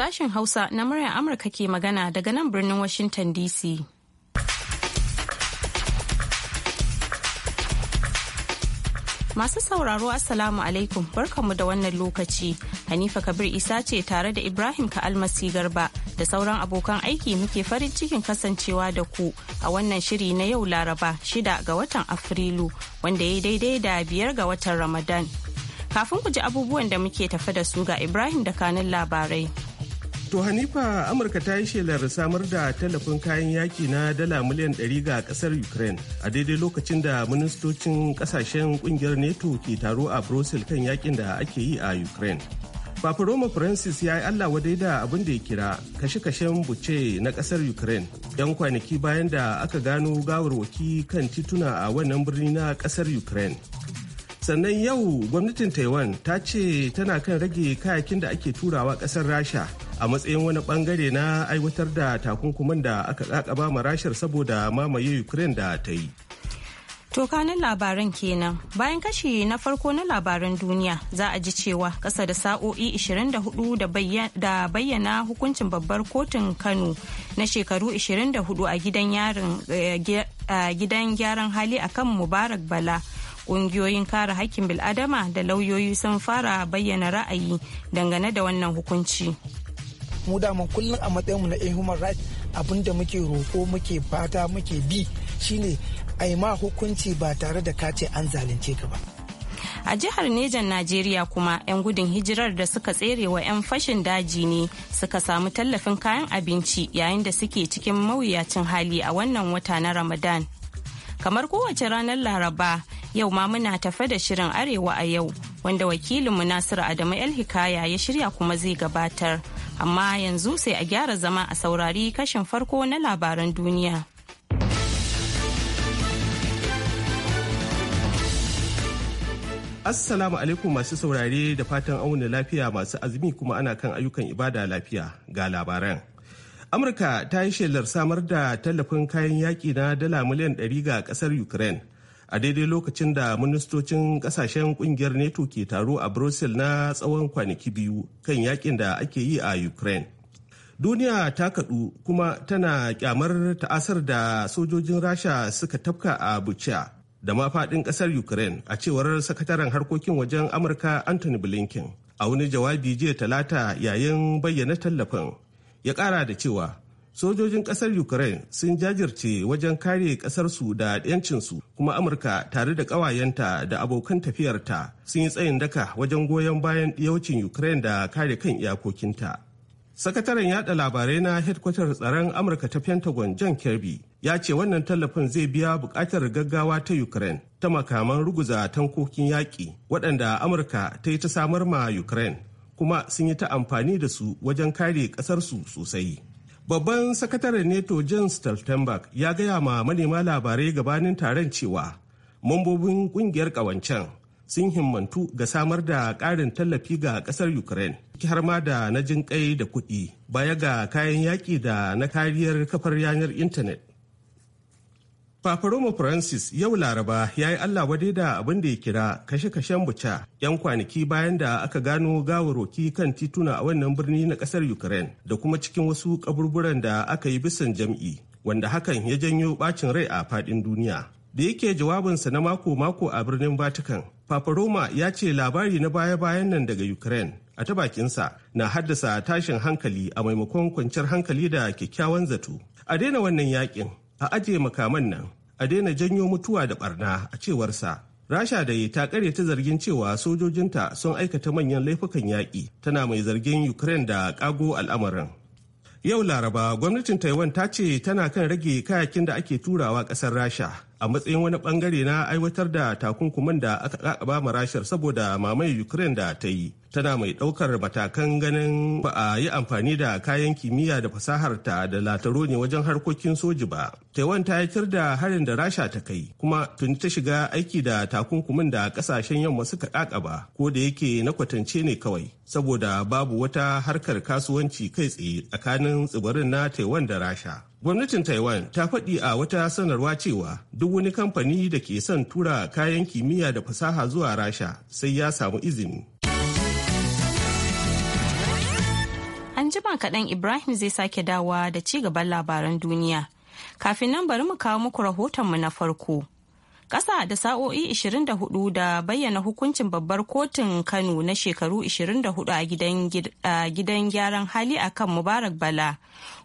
sashen Hausa na murya Amurka ke magana daga nan birnin Washington DC. Masu sauraro Assalamu alaikum barkamu da wannan lokaci. Hanifa Kabir Isa ce tare da Ibrahim Ka'almasi Garba da sauran abokan aiki muke farin cikin kasancewa da ku a wannan shiri na yau Laraba shida ga watan Afrilu wanda ya daidai da biyar ga watan Ramadan. Kafin ku ji abubuwan da muke tafe da su ga Ibrahim da kanin labarai. To Hanifa Amurka ta yi shelar samar da tallafin kayan yaki na dala miliyan 100 ga kasar Ukraine a daidai lokacin da ministocin kasashen kungiyar NATO ke taro a Brussels kan yakin da ake yi a Ukraine. Papa Roma Francis ya yi Allah wadai da abin da ya kira kashe-kashen buce na kasar Ukraine yan kwanaki bayan da aka gano gawarwaki kan tituna a wannan birni na kasar Ukraine. Sannan yau gwamnatin Taiwan ta ce tana kan rage kayakin da ake turawa kasar Rasha. a matsayin wani bangare na aiwatar da takunkuman da aka kakaba bamu rashar saboda mamaye ukraine da ta yi To kanin labaran kenan bayan kashi na farko na labaran duniya za a ji cewa kasa da sa'o'i 24 da bayyana hukuncin babbar kotun Kano na shekaru 24 eh, a gidan gyaran hali akan Mubarak Bala. Ƙungiyoyin kare hakkin bil'adama da lauyoyi sun fara bayyana ra'ayi dangane da wannan hukunci. mu daman kullum a matsayinmu na yan human rights abinda muke roƙo muke fata muke bi shine a yi ma hukunci ba tare da kace an zalunce ka ba a jihar nejan najeriya kuma 'yan gudun hijirar da suka tsere wa 'yan fashin daji ne suka samu tallafin kayan abinci yayin da suke cikin mawuyacin hali a wannan wata na ramadan kamar kowace ranar laraba yau ma muna tafe da shirin arewa a yau wanda wakilinmu nasiru adamu el hikaya ya shirya kuma zai gabatar amma yanzu sai a gyara zama a saurari kashin farko na labaran duniya. Assalamu alaikum masu saurare da fatan auna lafiya masu azumi kuma ana kan ayyukan ibada lafiya ga labaran. Amurka ta yi shelar samar da tallafin kayan yaƙi na dala miliyan 100 ga ƙasar Ukraine a daidai lokacin da ministocin kasashen kungiyar neto ke taro a brussels na tsawon kwanaki biyu kan yakin da ake yi a ukraine duniya ta kaɗu kuma tana kyamar ta'asar da sojojin rasha suka tafka a bucha da ma faɗin ƙasar ukraine a cewar sakataren harkokin wajen amurka anthony blinken a wani jawabi jiya talata yayin bayyana tallafin ya ƙara da cewa sojojin kasar ukraine sun jajirce wajen kare kasarsu da 'yancinsu kuma amurka tare da ƙawayenta da abokan tafiyarta sun yi tsayin daka wajen goyon bayan ɗiyaucin ukraine da kare kan iyakokinta sakataren yada labarai na hedkwatar tsaron amurka ta pentagon john kirby ya ce wannan tallafin zai biya bukatar gaggawa ta ukraine ta makaman ruguza tankokin yaƙi waɗanda amurka ta yi ta samar ma ukraine kuma sun yi ta amfani da su wajen kare ƙasarsu sosai Babban sakataren NATO Jens Stoltenberg ya gaya ma manema labarai gabanin taron cewa mambobin kungiyar ƙawancen sun himmantu ga samar da ƙarin tallafi ga ƙasar Ukraine, har ma da na jinƙai da kuɗi baya ga kayan yaƙi da na kariyar kafar yanar intanet. Roma Francis yau Laraba ya yi Allah wade da abin da ya kira kashe-kashen buca 'yan kwanaki bayan da aka gano gawarwaki kan tituna a wannan birni na kasar Ukraine da kuma cikin wasu kaburburan da aka yi bisan jam'i wanda hakan ya janyo bacin rai a fadin duniya. Da yake jawabinsa na mako-mako a birnin Vatican, Roma ya ce labari na baya-bayan nan daga Ukraine a ta bakinsa na haddasa tashin hankali a maimakon kwanciyar hankali da kyakkyawan zato. A daina wannan yakin a ajiye makaman nan a daina janyo mutuwa da barna a cewarsa rasha da yi ta kare ta zargin cewa sojojinta sun aikata manyan laifukan yaƙi tana mai zargin ukraine da ƙago al'amarin yau laraba gwamnatin taiwan ta ce tana kan rage kayakin da ake turawa ƙasar rasha a matsayin wani bangare na aiwatar da takunkuman da aka ƙaƙaba ma rashar saboda mamayar ukraine da ta yi tana mai ɗaukar matakan ganin ba a yi amfani da kayan kimiyya da fasaharta da lataro ne wajen harkokin soji ba. Taiwan ta yakir da harin da Rasha ta kai kuma tuni ta shiga aiki da takunkumin da ƙasashen yamma suka ba. ko da yake na kwatance ne kawai saboda babu wata harkar kasuwanci kai tsaye tsakanin tsibirin na Taiwan da Rasha. Gwamnatin Taiwan ta faɗi a wata sanarwa cewa duk wani kamfani da ke son tura kayan kimiyya da fasaha zuwa Rasha sai ya samu izini. jima kaɗan Ibrahim zai sake dawa da ci gaban labaran duniya. Kafin nan bari mu kawo muku rahotonmu na farko. Ƙasa da sa'o'i 24 da bayyana hukuncin babbar kotun Kano na shekaru 24 a gidan gyaran hali a kan Mubarak Bala,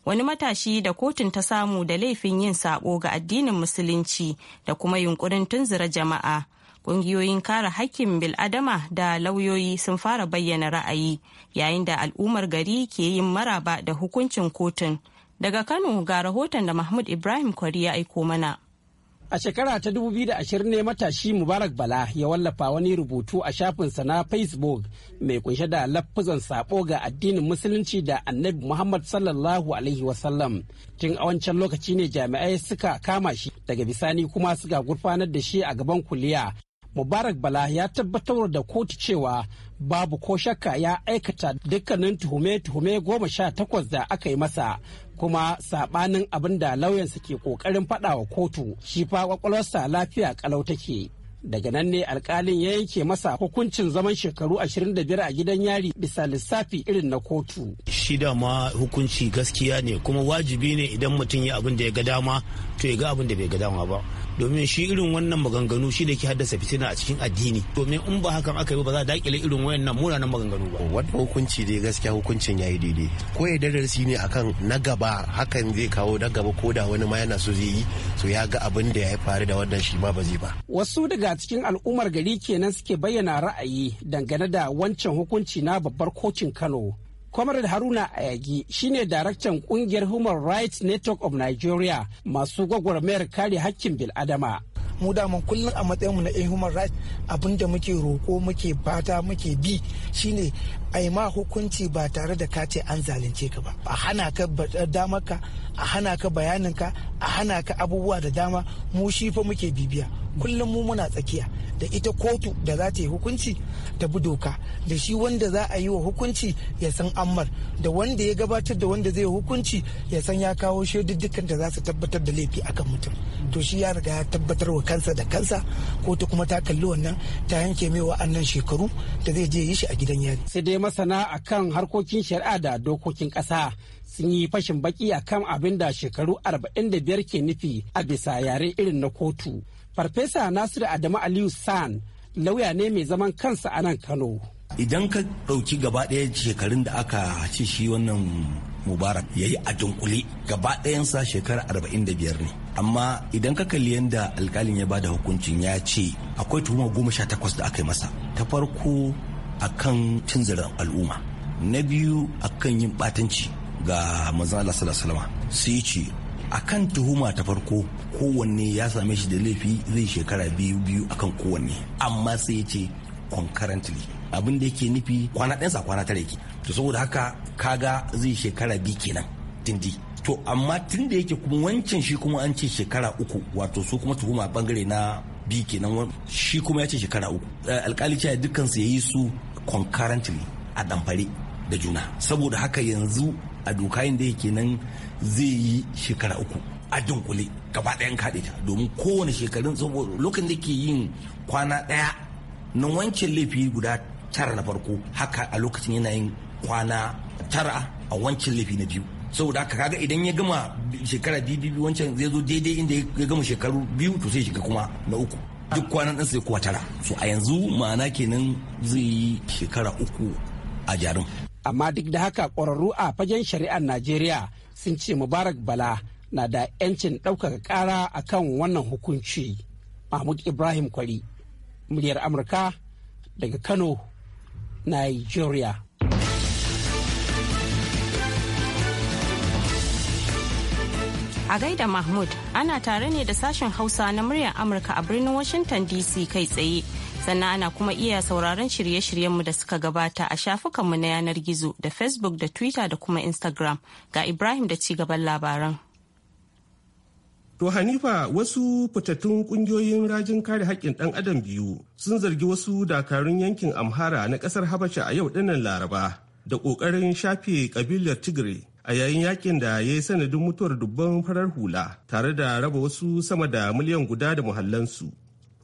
wani matashi da kotun ta samu da laifin yin sabo ga addinin Musulunci da kuma yunkurin tunzura jama'a. kungiyoyin kare hakkin biladama da lauyoyi sun fara bayyana ra'ayi yayin da al'ummar gari ke yin maraba da hukuncin kotun daga kano ga rahoton da mahmud ibrahim kwari ya aiko mana a shekara ta 2020 ne matashi mubarak bala ya wallafa wani rubutu a shafinsa na facebook mai kunshe da lafizan sabo ga addinin musulunci da annabi muhammad sallallahu alaihi wasallam tun a wancan lokaci ne jami'ai suka kama shi daga bisani kuma suka gurfanar da shi a gaban kuliya mubarak bala ya tabbatar da kotu cewa babu ko shakka ya aikata dukkanin tuhume-tuhume goma sha takwas da aka yi masa kuma sabanin abin da lauyansa ke kokarin faɗa wa kotu shi fa kwakwalwarsa lafiya kalau take daga nan ne alkalin ya yanke masa hukuncin zaman shekaru 25 a gidan yari bisa lissafi irin na kotu shi dama hukunci gaskiya ne kuma wajibi ne idan mutum ya abin da ya ga dama to ya ga abin da bai ga dama ba domin shi irin wannan maganganu shi da ke haddasa fitina a cikin addini domin in ba hakan aka yi ba za a dakile irin wayannan munanan maganganu ba wannan hukunci dai gaskiya hukuncin yayi daidai ko ya darasi ne akan na gaba hakan zai kawo na gaba ko da wani ma yana so zai yi so ya ga abin da ya faru da wannan shi ma ba zai ba wasu daga cikin al'ummar gari kenan suke bayyana ra'ayi dangane da wancan hukunci na babbar kocin Kano Comrade Haruna Ayagi shine daraktan kungiyar Human Rights Network of Nigeria masu gwagwarmayar kare hakkin bil'adama. mu daman kullum a matsayinmu na human rights abin da muke roko muke bata muke bi shine a ma hukunci ba tare da kace an zalunce ka ba a hana ka eh, damar a hana ka bayanin ka a hana ka abubuwa da dama mu shi fa muke bibiya kullum mu muna tsakiya da ita kotu da za ta yi hukunci ta bi doka da shi wanda za a yi wa hukunci ya san ammar da wanda ya gabatar da wanda zai hukunci ya san ya kawo shaidukan da za su tabbatar da laifi akan mutum to shi ya riga ya tabbatar wa kansa da kansa kotu kuma ta kalli wannan ta yanke mai wa'annan shekaru da zai je yi shi a gidan yari sai dai masana a kan harkokin shari'a da dokokin ƙasa sun yi fashin baki a kan abin da shekaru 45 ke nufi a bisa yare irin na kotu. Farfesa Nasiru Adamu Aliyu San lauya ne mai zaman kansa a nan Kano. Idan ka ɗauki gaba ɗaya shekarun da aka ce shi wannan mubarak ya yi a dunkule gaba ɗayansa shekara arba'in ne amma idan ka kalli yadda alkalin ya bada hukuncin ya ce akwai tuhuma goma sha takwas da aka yi masa ta farko akan tunzirin al'umma na biyu akan yin batanci ga manzon Allah sallallahu alaihi sai ce a kan tuhuma ta farko kowanne ya same shi da laifi zai shekara biyu biyu akan kowanne amma sai ce concurrently abin da yake nufi kwana ɗansa kwana tare yake to saboda haka kaga zai shekara biyu kenan dindi to amma tun da yake kuma wancan shi kuma an ce shekara uku wato su kuma tuhuma bangare na bi kenan shi kuma ya ce shekara uku eh, alkali cewa dukkan su yayi su concurrently a damfare da juna saboda haka yanzu a dokayin da yake nan zai yi shekara uku a dunkule gaba ɗayan kaɗe ta domin kowane shekarun saboda lokacin da ke yin kwana ɗaya na wancan laifi guda tara na farko haka a lokacin yana yin kwana tara a wancan laifi na biyu saboda haka kaga idan ya gama shekara biyu wancan zai zo daidai inda ya gama shekaru biyu to sai shiga kuma na uku duk kwanan ɗansa kuwa tara so a yanzu ma'ana kenan zai yi shekara uku a jarum amma duk da haka ƙwararru a fagen shari'ar najeriya sun ce mubarak bala na da 'yancin ɗaukaka ƙara a kan wannan hukunci mahmud ibrahim kwari muryar amurka daga kano nigeria A gaida Mahmud ana tare ne da sashen Hausa na muryar Amurka a birnin Washington DC kai tsaye. Sannan ana kuma iya sauraron shirye-shiryenmu da suka gabata a shafukanmu na yanar gizo da Facebook da Twitter da kuma Instagram. Ga Ibrahim da cigaban labaran. To Hanifa wasu fitattun kungiyoyin rajin kare haƙƙin ɗan adam biyu sun zargi wasu dakarun yankin Amhara na ƙasar Habasha a yau ɗinnan Laraba da ƙoƙarin shafe ƙabilar Tigray a yayin yakin da ya yi sanadin mutuwar dubban farar hula tare da raba wasu sama da miliyan guda da muhallansu.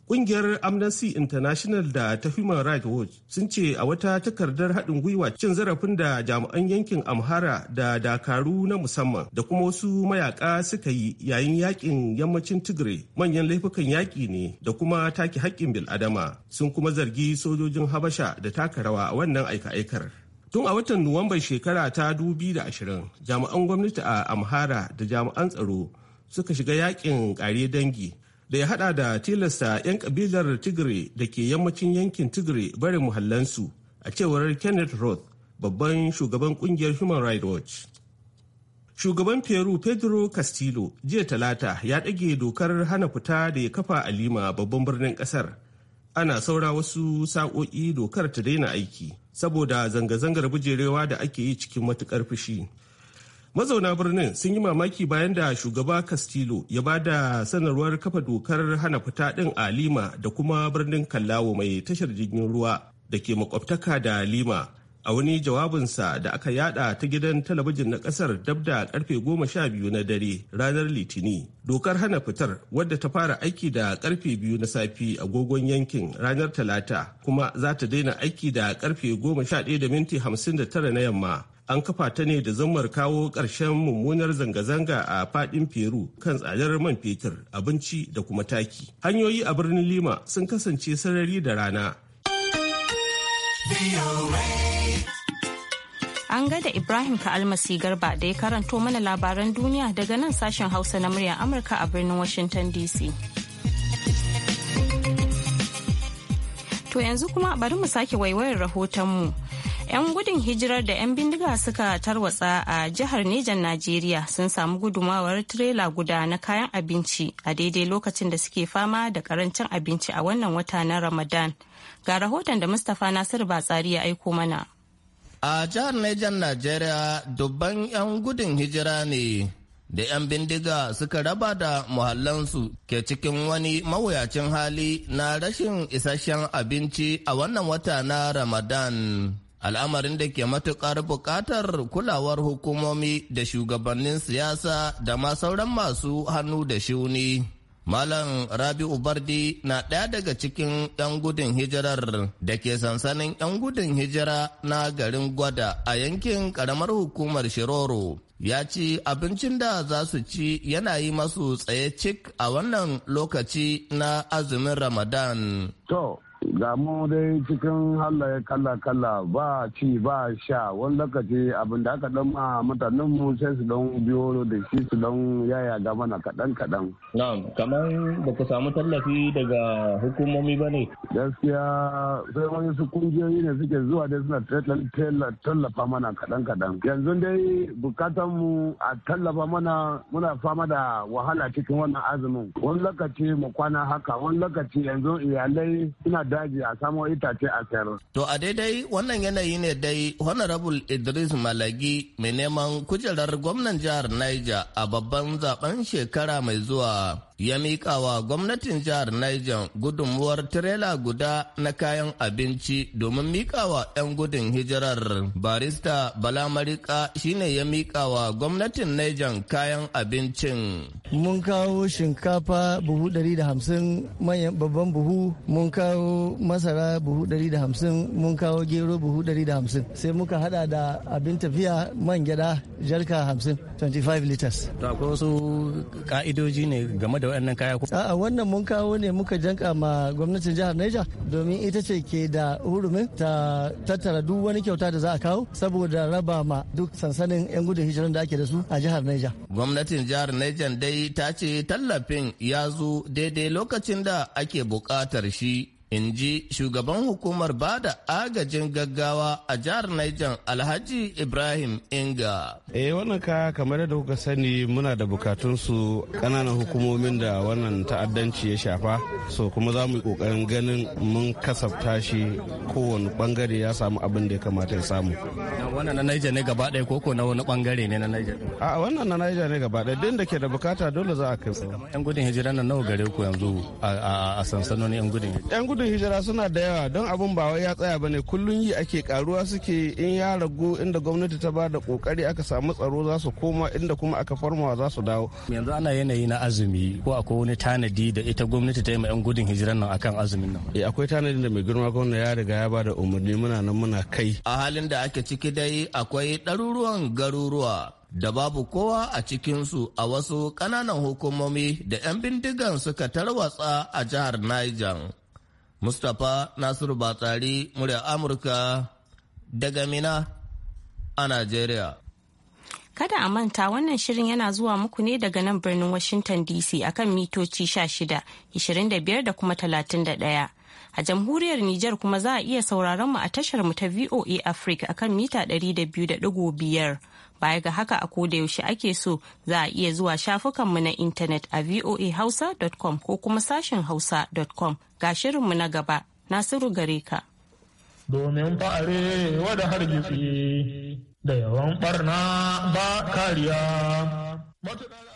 Kungiyar Amnesty International da ta Human Rights Watch sun ce a wata takardar haɗin gwiwa cin zarafin da jami'an yankin Amhara da dakaru na musamman da kuma wasu mayaka suka yi yayin yakin yammacin Tigray manyan laifukan yaƙi ne da kuma take haƙƙin bil'adama sun kuma zargi sojojin Habasha da taka rawa a wannan aika-aikar. Tun a watan Nuwamban shekara ta 2020, jami'an gwamnati a Amhara da jami'an tsaro suka shiga yakin kare dangi da ya hada da tilasta 'yan kabilar Tigray da ke yammacin yankin Tigray barin muhallansu a cewar Kenneth Roth, babban shugaban kungiyar Human Rights Watch. Shugaban Peru Pedro Castillo jiya talata ya ɗage dokar hana fita da ya kafa a Lima babban birnin ƙasar ana saura wasu sa'o'i dokar ta daina aiki saboda zanga-zangar bujerewa da ake yi cikin matukar fushi mazauna birnin sun yi mamaki bayan da shugaba castillo ya ba da sanarwar kafa dokar hana fita ɗin a lima da kuma birnin kallawo mai tashar jirgin ruwa da ke makwabtaka da lima a wani jawabinsa da aka yada ta gidan talabijin na kasar dabda karfe goma sha biyu na dare ranar litini dokar hana fitar wadda ta fara aiki da karfe biyu na safi agogon yankin ranar talata kuma za ta daina aiki da karfe goma sha ɗaya da minti hamsin da tara na yamma an kafa ta ne da zammar kawo ƙarshen mummunar zanga-zanga a fadin peru kan tsadar man fetur abinci da kuma taki hanyoyi a birnin lima sun kasance sarari da rana An ga da Ibrahim Ka'almasi Garba da ya karanto mana labaran duniya daga nan sashen Hausa na muryar Amurka a birnin Washington DC. To yanzu kuma bari mu sake waiwayar rahotonmu. 'Yan gudun hijirar da 'yan bindiga suka tarwatsa a jihar nijar Najeriya sun samu gudumawar tirela guda na kayan abinci a daidai lokacin da suke fama da karancin abinci a wannan wata na Ramadan. Ga rahoton da Mustapha Nasiru ba tsari ya aiko mana. A jihar Nijar Najeriya dubban 'yan gudun hijira ne da 'yan bindiga suka raba da muhallansu ke cikin wani mawuyacin hali na rashin isasshen abinci a wannan wata na Ramadan. Al'amarin da ke matuƙar buƙatar kulawar hukumomi da shugabannin siyasa da ma sauran masu hannu da shuni. Malam Rabi'u Bardi na ɗaya daga cikin 'yan gudun hijirar da ke sansanin 'yan gudun hijira na garin Gwada a yankin ƙaramar hukumar Shiroro. Ya ci abincin da za su ci yana yi masu tsaye cik a wannan lokaci na azumin Ramadan. To, ga mu dai cikin halaye kala kala ba ci ba sha wani lokaci abinda aka dan ma mutanen mu sai su dan biyo da shi su dan yaya ga mana kadan kadan na'am kamar ba ku samu tallafi daga hukumomi ba ne gaskiya sai wani su kungiyoyi ne suke zuwa dai suna tallafa mana kadan kadan yanzu dai bukatan mu a tallafa mana muna fama da wahala cikin wannan azumin wani lokaci mu kwana haka wani lokaci yanzu iyalai suna daji a samo itace a sayar. To a daidai wannan yanayi ne dai Honorable Idris Malagi mai neman kujerar gwamnan jihar Niger a babban zaben shekara mai zuwa ya miƙa wa gwamnatin jihar Niger gudunmuwar tirela guda na kayan abinci domin miƙa wa 'yan gudun hijirar. Barista Bala Marika shine ya miƙa wa gwamnatin Niger kayan abincin. Mun kawo shinkafa buhu 150 manyan babban buhu, mun kawo masara buhu 150, mun kawo gero buhu 150. Sai muka hada da abin tafiya man gyada jarka 50, 25 liters. Akwai wasu ka'idoji ne game da wannan kaya ko a'a wannan mun kawo ne muka janka ma gwamnatin jihar Niger domin ita ce ke da hurumin ta tattara duk wani kyauta da za a kawo saboda raba ma duk sansanin yan gudun hijiran da ake da su a jihar Niger gwamnatin jihar Niger dai ta ce tallafin ya zo daidai lokacin da ake buƙatar shi in ji shugaban hukumar ba da agajin gaggawa a jihar Niger Alhaji Ibrahim Inga. Eh wannan ka kamar da kuka sani muna da bukatun su kananan hukumomin da wannan ta'addanci ya shafa so kuma za mu yi kokarin ganin mun kasafta shi kowane bangare ya samu abin da ya kamata ya samu. Wannan na Niger ne gaba ɗaya koko na wani bangare ne na Niger. A wannan na Niger ne gaba ɗaya din da ke da bukata dole za a kai su. Yan gudun hijira na nawa gare ku yanzu a sansanoni yan gudun hijira. gudun hijira suna da yawa don abin ba wai ya tsaya bane kullum yi ake karuwa suke in ya ragu inda gwamnati ta ba da kokari aka samu tsaro za su koma inda kuma aka farmawa za su dawo yanzu ana yanayi na azumi ko akwai wani tanadi da ita gwamnati ta yi ma yan gudun hijiran nan akan azumin nan eh akwai tanadi da mai girma gwamna ya riga ya ba da umarni muna nan muna kai a halin da ake ciki dai akwai ɗaruruwan garuruwa da babu kowa a cikinsu a wasu ƙananan hukumomi da 'yan bindigan suka tarwatsa a jihar Niger. Mustapha Nasiru Batsari murya Amurka daga Mina a Najeriya. Kada a manta wannan shirin yana zuwa muku ne daga nan birnin Washington DC akan mitoci 16, 25 da kuma 31. A jamhuriyar Nijar kuma za a iya sauraron mu a tashar mu ta VOA Africa akan mita 200.5. Baya ga haka a koda yaushe ake so za a iya zuwa shafukanmu na intanet a voahausa.com ko kuma sashen hausa.com ga shirinmu na gaba. Nasiru gare ka. Domin fa'are wada hargitsi da yawan barna ba kariya.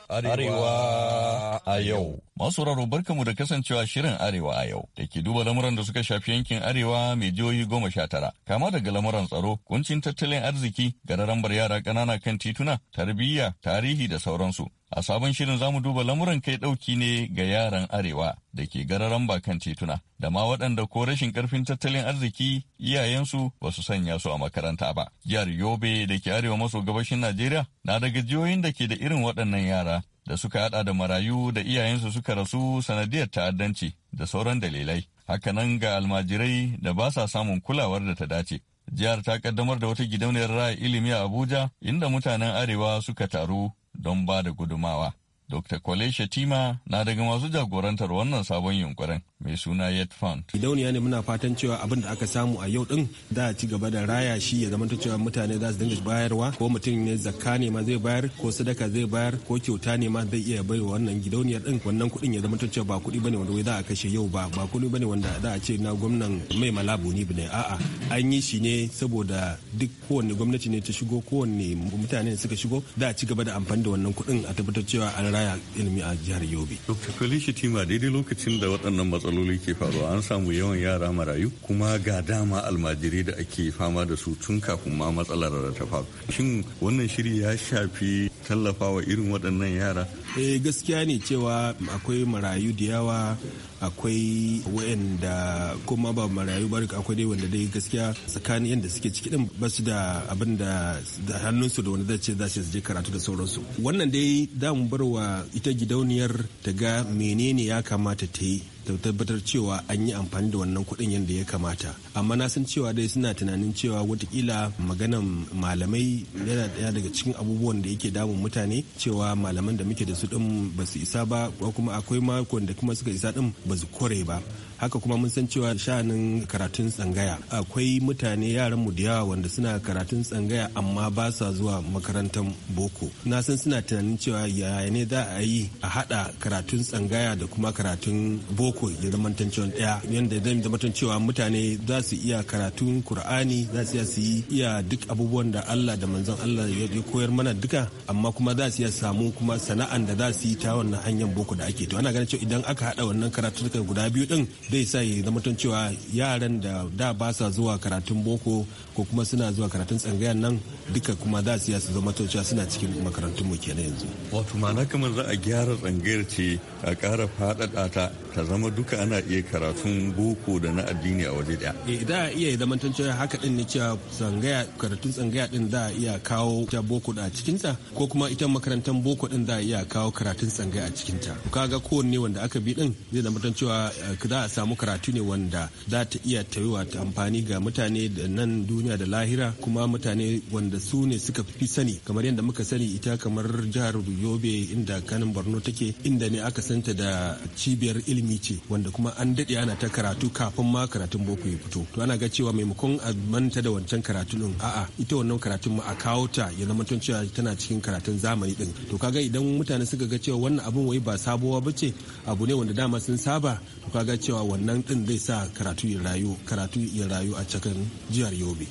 Arewa a yau. Masu raro barkamu da kasancewa shirin Arewa a yau da ke duba lamuran da suka shafi yankin Arewa mai jihohi goma sha tara. Kama daga lamuran tsaro, kuncin tattalin arziki, gararambar yara ƙanana kan tituna, tarbiyya, tarihi da sauransu. A sabon shirin zamu duba lamuran kai ɗauki ne ga yaran Arewa da ke gararan bakan tituna, da ma waɗanda ko rashin ƙarfin tattalin arziki iyayensu ba su sanya su a makaranta ba. Jihar Yobe da ke Arewa maso gabashin Najeriya na daga jihohin da ke da irin waɗannan yara da suka haɗa da marayu da iyayensu suka rasu sanadiyar ta'addanci da sauran dalilai. Haka nan ga almajirai da ba sa samun kulawar da ta dace. Jihar ta kaddamar da wata gidauniyar raya ilimi a Abuja inda mutanen Arewa suka taru don ba da gudumawa. Dr. Kwale Shatima na daga masu jagorantar wannan sabon yunkurin mai suna Yet Fund. Gidauniya ne muna fatan cewa abin da aka samu a yau din da ci gaba da raya shi ya zama cewa mutane za su dinga bayarwa ko mutum ne zakka ne ma zai bayar ko sadaka zai bayar ko kyauta ne ma zai iya bai wannan gidauniyar din wannan kuɗin ya zama cewa ba kuɗi bane wanda wai za a kashe yau ba ba kuɗi bane wanda za a ce na gwamnan mai malabu ni bane a'a an yi shi ne saboda duk kowanne gwamnati ne ta shigo kowanne mutane suka shigo da a ci gaba da amfani da wannan kuɗin a tabbatar cewa an ya ilimi a jihar yobe dr Tima daidai lokacin da waɗannan matsaloli ke faruwa an samu yawan yara marayu kuma ga dama almajirai da ake fama da su tun kafin ma matsalar da ta faru shin wannan shiri ya shafi tallafawa irin waɗannan yara eh gaskiya ne cewa akwai marayu da yawa akwai wa'anda kuma ba marayu ba akwai dai wanda dai gaskiya tsakanin yadda suke ciki din ba su da abin da hannunsu da wanda zai je karatu da sauransu wannan dai da mu bar wa ita gidauniyar ta ga menene ya kamata ta yi da tabbatar cewa an yi amfani da wannan kuɗin yadda ya kamata amma na san cewa dai suna tunanin cewa watakila maganan malamai yana daya daga cikin abubuwan da yake damun mutane cewa malaman da muke da su din ba su isa ba ko kuma akwai makon da kuma suka isa din ba su kore ba haka kuma mun san cewa sha'anin karatun tsangaya akwai mutane yaran mu da yawa wanda suna karatun tsangaya amma ba sa zuwa makarantar boko na san suna tunanin cewa yaya ne za a yi a hada karatun tsangaya da kuma karatun boko ya zama tancewa daya yadda zai zama cewa mutane za su iya karatun kur'ani za su iya iya duk abubuwan da allah da manzon allah ya koyar mana duka amma kuma za su iya samu kuma sana'an da za su yi ta wannan hanyar boko da ake to ana ganin cewa idan aka hada wannan karatu guda biyu din zai sa ya zama cewa yaran da da ba sa zuwa karatun boko ko kuma suna zuwa karatun tsangayen nan duka kuma za su su zama cewa suna cikin makarantun mu kenan yanzu wato ma'ana kamar za a gyara tsangayar ce a kara faɗaɗa ta ta zama duka ana iya karatun boko da na addini a waje ɗaya idan eh, a iya zama cewa haka din ne cewa tsangaya karatun tsangaya din za a iya kawo ta boko a cikinta ko kuma ita makarantar boko din za a iya kawo karatun tsangaya a cikinta kaga kowanne wanda aka bi din zai zama cewa eh, za a samu karatu ne wanda za ta iya taiwa ta amfani ga mutane da nan duniya da lahira kuma mutane wanda su ne suka fi sani kamar yadda muka sani ita kamar jihar yobe inda kanin borno take inda ne aka santa da cibiyar ilimi ce wanda kuma an dade ana ta karatu kafin ma karatun boko ya fito to ana ga cewa maimakon a manta da wancan karatun din a'a ita wannan karatun ma a kawo ta ya zama cewa tana cikin karatun zamani din to kaga idan mutane suka ga cewa wannan abun wai ba sabuwa ba ce abu ne wanda dama sun saba to kaga cewa wannan din zai sa karatu ya rayu karatu ya rayu a cikin jihar yobe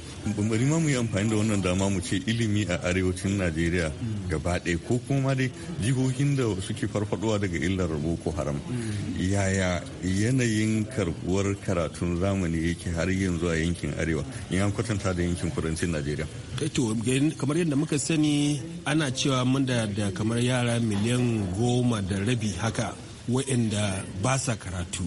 bari ma mu yi amfani da wannan dama mu ce ilimi a arewacin najeriya gaba ɗaya ko kuma dai jihohin da suke farfadowa daga illar boko haram yaya yanayin karbuwar karatun zamani yake har yanzu a yankin arewa in an kwatanta da yankin kudancin najeriya eh to kamar yadda muka sani ana cewa mun da kamar yara miliyan goma da rabi haka waɗanda ba sa karatu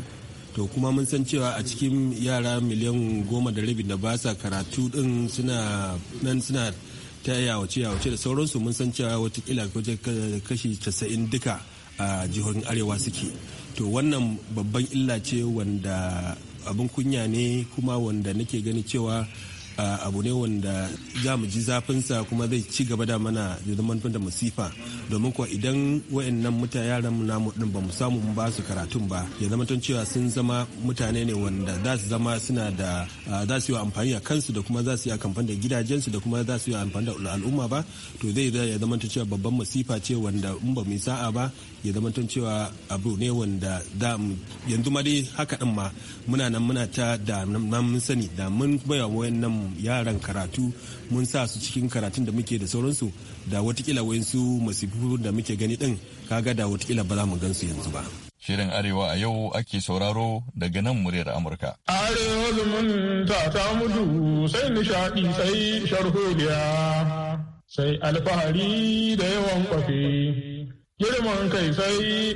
to kuma mun san cewa a cikin yara miliyan goma da rabi da ba sa karatu din suna nan suna ta yawace yawace da sauransu mun san cewa watakila kashi casa'in duka a jihohin arewa suke to wannan babban illa ce wanda abin kunya ne kuma wanda nake gani cewa abu ne wanda za mu ji zafinsa kuma zai ci gaba da mana zamantar da masifa domin kuwa idan wayannan mutane yaran namu din ba mu samu mun ba su karatun ba ya zama cewa sun zama mutane ne wanda za su zama suna da za su yi amfani a kansu da kuma za su yi amfani da gidajensu da kuma za su yi amfani da al'umma ba to zai ya zama cewa babban masifa ce wanda in ba mu yi sa'a ba ya zama cewa abu ne wanda da yanzu ma dai haka din ma muna nan muna ta da mun sani da mun kuma yawa mu yaran karatu mun sa su cikin karatun da muke da sauransu da watakila wayansu masifu da muke gani din kaga da watakila ba za mu gansu yanzu ba. Shirin Arewa a yau ake sauraro daga nan muryar Amurka. Arewa zumunta ta mudu sai nishaɗi sai sharholiya sai alfahari da yawan kwafi. Girman kai sai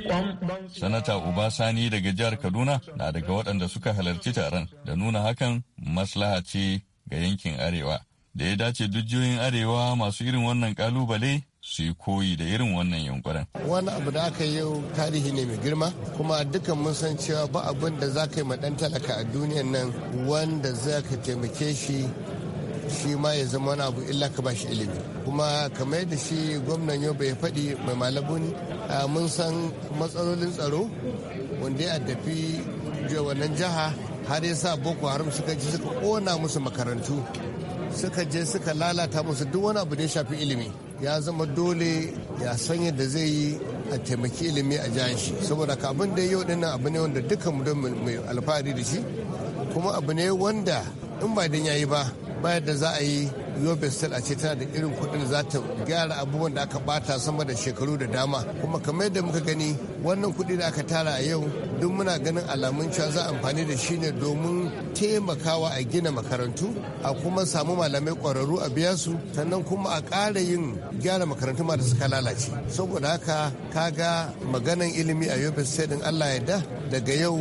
Sanata sani daga jihar Kaduna na daga waɗanda suka halarci taron da nuna hakan maslaha ce ga yankin arewa da ya dace dujiyoyin arewa masu irin wannan kalubale su yi koyi da irin wannan yankunan. wani abu da aka yi tarihi ne mai girma kuma dukkan mun san cewa ba abin da za ka yi dan talaka a duniyan nan wanda za ka taimake shi shi ma ya zama wani abu illa ka bashi ilimi kuma kamar yadda shi gwamnan yau bai faɗi mai malabuni mun san matsalolin tsaro wanda ya addafi wannan jiha har yasa boko haram suka ji suka kona musu makarantu suka je suka lalata musu duk wani abu da ya shafi ilimi ya zama dole ya san yadda zai yi a taimaki ilimi a jihar shi saboda ka abin da yau dinnan abu ne wanda dukkan mu don mai alfahari da shi kuma abu ne wanda in ba dan yayi ba ba yadda za a yi Lobes State a ce tana da irin kudin za ta gyara abubuwan da aka bata sama da shekaru da dama. Kuma kamar yadda muka gani wannan kudi da aka tara a yau duk muna ganin alamun cewa za amfani da shi ne domin taimakawa a gina makarantu a kuma samu malamai kwararru a biya su sannan kuma a ƙara yin gyara makarantu ma da suka lalace. Saboda haka kaga maganan ilimi a Yobe State Allah ya da daga yau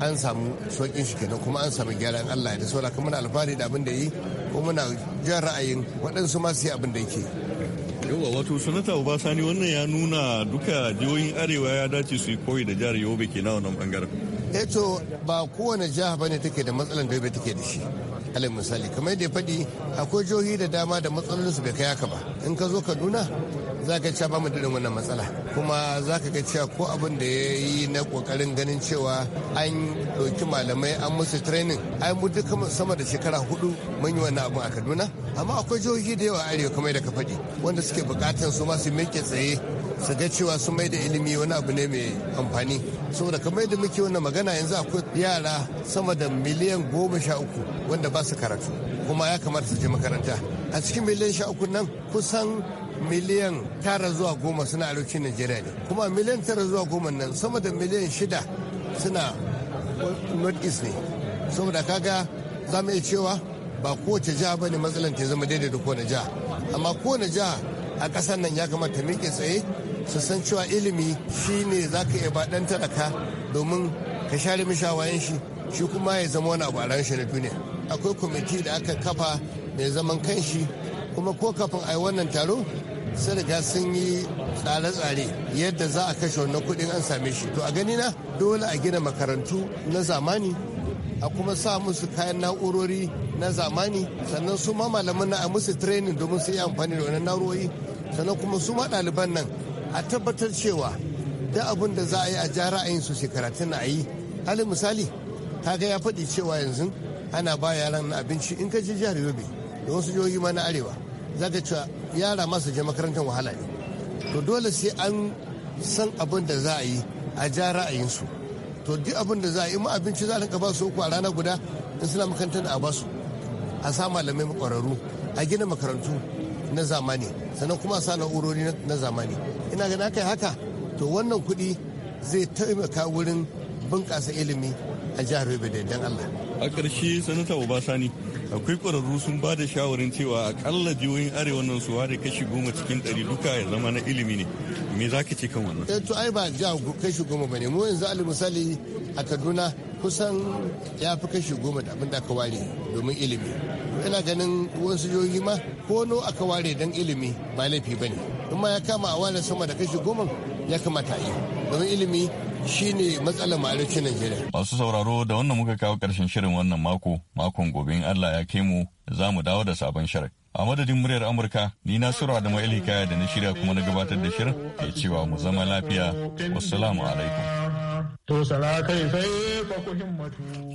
an samu sauƙin shi kenan kuma an samu gyaran Allah da saura kuma muna alfahari da abin da yi ko muna jan ra'ayin waɗansu masu yi abin da yake yawa wato sanata obasani wannan ya nuna duka jihohin arewa ya dace su yi koyi da jihar yobe ke na wannan bangaren eto eh ba kowane jiha ba ne take da matsalan da yobe take da shi alai misali kamar yadda ya faɗi akwai jihohi da dama da matsalolinsu bai kai haka ba in ka zo kaduna za ka cewa ba mu da wannan matsala kuma za ka ga cewa ko abin da ya yi na kokarin ganin cewa an ɗauki malamai an musu training ai mu duka sama da shekara hudu mun yi wannan abin a kaduna amma akwai jihohi da yawa arewa kamar da ka faɗi wanda suke bukatan su ma su meke tsaye su ga cewa sun mai da ilimi wani abu ne mai amfani saboda kamar yadda muke wannan magana yanzu akwai yara sama da miliyan goma sha uku wanda ba su karatu kuma ya kamata su je makaranta a cikin miliyan sha uku nan kusan miliyan tara zuwa goma suna arewacin najeriya ne kuma miliyan tara zuwa goma nan sama da miliyan shida suna north east ne saboda kaga za mu iya cewa ba kowace jiha ba ne matsalan ta zama daidai da kowane jiha amma kowane jiha a ƙasar nan ya kamata miƙe tsaye su san cewa ilimi shi ne za ka iya baɗan talaka domin ka share mishawayen shi shi kuma ya zama wani abu a ran shi na duniya akwai kwamiti da aka kafa mai zaman kanshi kuma ko kafin a yi wannan taro sun riga sun yi tsare-tsare yadda za a kashe wannan kuɗin an same shi to a gani na dole a gina makarantu na zamani a kuma sa musu kayan na'urori na zamani sannan su ma malaman na a musu training domin su yi amfani da wannan na'urori sannan kuma su ma ɗaliban nan a tabbatar cewa da abin da za a yi a ja ra'ayin su shekaratu na a yi Hali misali kaga ya faɗi cewa yanzu ana ba yaran abinci in ka je jihar yobe da wasu jihohi ma na arewa zaka cewa yara masu je makarantar wahala ne to dole sai an san abin da za a yi a ja ra'ayinsu to duk abin da za a yi mu abinci za a rinka ba su uku a rana guda in suna makarantar a ba su a sa malamai makwararru a gina makarantu na zamani sannan kuma a sa na'urori na zamani ina ga aka yi haka to wannan kuɗi zai taimaka wurin bunƙasa ilimi a jihar Yobe da Allah. A ƙarshe sanata Obasani akwai kwararru sun ba da shawarin cewa akalla jihohin arewa nan su ware kashi goma cikin ɗari duka ya zama na ilimi ne me za ka ce kan wannan eh to ai ba jiha kashi goma ba ne mu yanzu alal misali a kaduna kusan ya fi kashi goma da abin da aka ware domin ilimi ina ganin wasu jihohi ma ko no aka ware don ilimi ba laifi ba ne in ya kama a ware sama da kashi goma ya kamata a yi domin ilimi shine matsalar ma'aikacin Najeriya. Masu sauraro da wannan muka kawo karshen shirin wannan mako, makon gobe in Allah ya kai mu za mu dawo da sabon shirin. A madadin muryar Amurka, ni na Sura da Ma'ili Kaya da na shirya kuma na gabatar da shirin ke cewa mu zama lafiya. Wassalamu alaikum.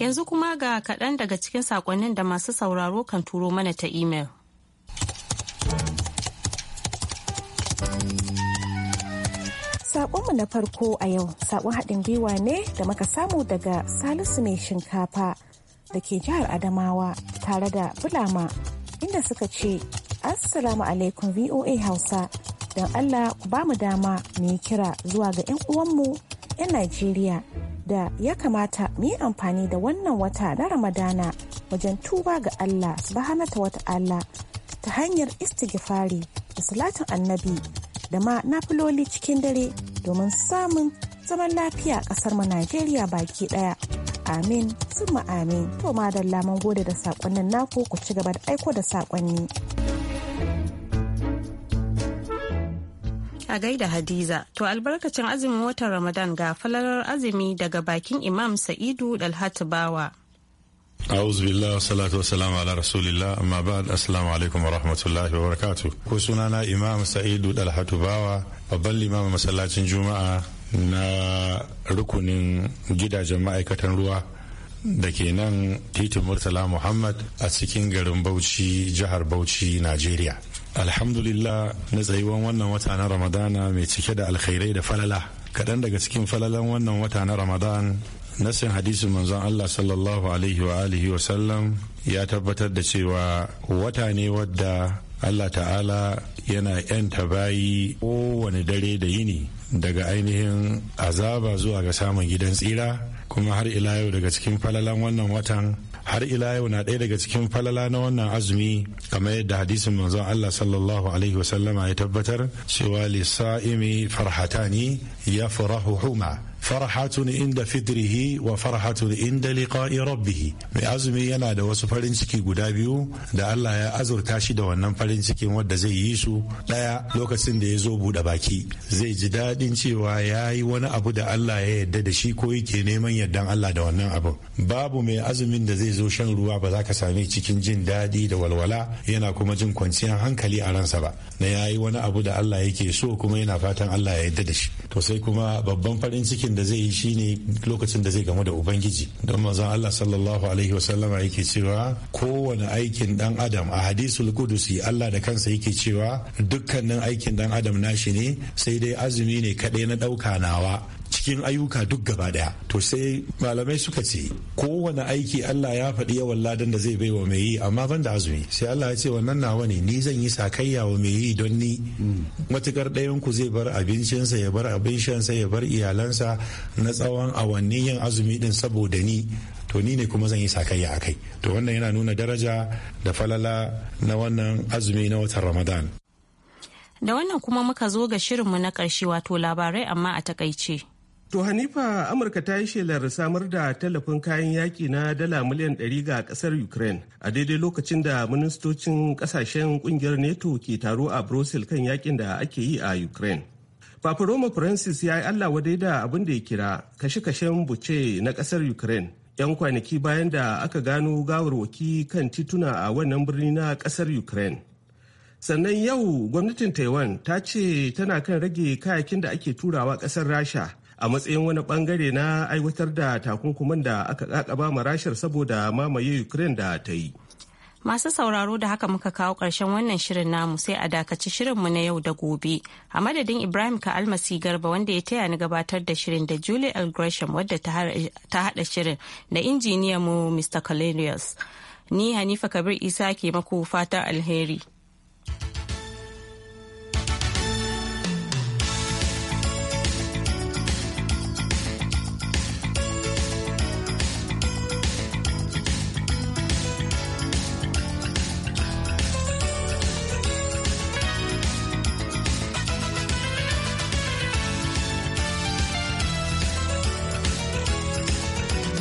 Yanzu kuma ga kaɗan daga cikin saƙonnin da masu sauraro kan turo mana ta imel. na farko a yau sabon haɗin gwiwa ne da muka samu daga Salisu mai shinkafa da ke jihar Adamawa tare da Bulama inda suka ce Assalamu alaikum VOA Hausa don Allah ku ba mu dama mu yi kira zuwa ga 'yan uwanmu 'yan Najeriya da ya kamata mu yi amfani da wannan wata na Ramadana wajen tuba ga Allah su ta wata allah ta hanyar istighfari da salatin annabi da ma nafiloli cikin dare domin samun zaman lafiya kasar mu Najeriya baki daya. Amin, summa amin. To madalla mun gode da sakonnin naku ku ci gaba da aiko da sakonni. a gaida Hadiza. To albarkacin azumin watan Ramadan ga falalar azumi daga bakin Imam Sa'idu Dalhatu A'udhu billahi salatu wassalamu ala rasulillah amma ba'd assalamu wa rahmatullahi wa barakatuh. Ko sunana Imam Sa'idu Dalhatu babban limamin masallacin Juma'a na rukunin gidajen ma'aikatan ruwa da ke nan titin Murtala Muhammad a cikin garin bauci jihar Bauchi Najeriya. lillah na tsayuwan wannan wata Ramadana mai cike da alkhairai da falala. Kaɗan daga cikin falalan wannan wata Ramadan nasin hadisin manzon Allah sallallahu alaihi wa alihi wa sallam ya tabbatar da cewa wata ne wadda Allah ta'ala yana yanta bayi kowane dare da yini daga ainihin azaba zuwa ga samun gidan tsira kuma har ila yau daga cikin falalan wannan watan har ila yau na ɗaya daga cikin falala na wannan azumi kamar yadda hadisin manzon Allah sallallahu alaihi wasallama ya tabbatar cewa lisa'imi farhatani ya farahu huma farhatun inda fidrihi wa farhatun inda liqa'i rabbih mai azumi yana da wasu farin ciki guda biyu da Allah ya azurta shi da wannan farin cikin wanda zai yi su daya lokacin da ya zo bude baki zai ji dadin cewa ya yi wani abu da Allah ya yarda da shi ko yake neman yardan Allah da wannan abu babu mai azumin da zai zo shan ruwa ba za ka same cikin jin dadi da walwala yana kuma jin kwanciyar hankali a ransa ba na ya yi wani abu da Allah yake so kuma yana fatan Allah ya yarda da shi to sai kuma babban farin cikin aikin da zai yi shine lokacin da zai gamu da ubangiji don mazan Allah sallallahu alaihi wasallama yake cewa kowane aikin dan adam a hadisul kudusi Allah da kansa yake cewa dukkanin aikin dan adam nashi ne sai dai azumi ne kaɗai na ɗauka nawa cikin ayyuka duk gaba daya to sai malamai suka ce kowane aiki Allah ya faɗi yawan ladan da zai baiwa mai yi amma ban da azumi sai Allah ya ce wannan nawa ne ni zan yi sakayya wa mai yi don ni matukar ɗayan ku zai bar abincinsa ya bar abin shansa ya bar iyalansa na tsawon awanni yin azumi din saboda ni to ni ne kuma zan yi sakayya a kai to wannan yana nuna daraja da falala na wannan azumi na watan ramadan da wannan kuma muka zo ga shirinmu na ƙarshe wato labarai amma a takaice. To Hanifa Amurka ta yi shelar samar da tallafin kayan yaƙi na dala miliyan 100 ga ƙasar Ukraine a daidai lokacin da ministocin ƙasashen ƙungiyar NATO ke taro a Brussels kan yaƙin da ake yi a Ukraine. Papa Roma Francis ya yi Allah wadai da abin da ya kira kashe-kashen buce na ƙasar Ukraine. 'Yan kwanaki bayan da aka gano gawarwaki kan tituna a wannan birni na ƙasar Ukraine. Sannan yau gwamnatin Taiwan ta ce tana kan rage kayakin da ake turawa ƙasar Rasha. a matsayin wani bangare na aiwatar da takunkuman da aka kakaba ma rashar saboda mamaye ukraine da ta yi masu sauraro da haka muka kawo ƙarshen wannan shirin namu sai a dakaci shirinmu na yau da gobe a madadin ibrahim ka almasi garba wanda ya taya ni gabatar da shirin da julie l gresham wadda ta hada shirin da injiniyan mu mr colenius ni hanifa kabir isa ke maku fatan alheri